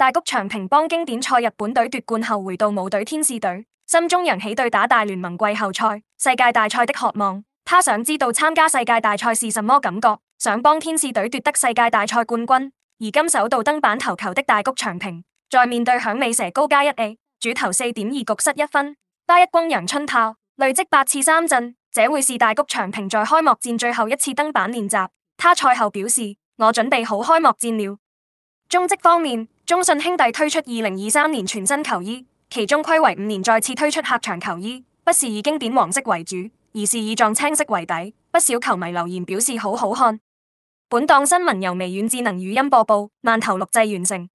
大谷翔平幫經典賽日本隊奪冠後回到母隊天使隊，心中揚起對打大聯盟季後賽、世界大賽的渴望。他想知道參加世界大賽是什麼感覺，想幫天使隊奪得世界大賽冠軍。而今首度登板投球的大谷翔平，在面對響尾蛇高階一 A，主投四點二局失一分，八一轟陽春炮，累積八次三振。這會是大谷翔平在開幕戰最後一次登板練習。他賽後表示：我準備好開幕戰了。中職方面，中信兄弟推出2023年全新球衣，其中規為五年再次推出客場球衣，不是以經典黃色為主，而是以藏青色為底，不少球迷留言表示好好看。本檔新聞由微軟智能語音播報，慢頭錄製完成。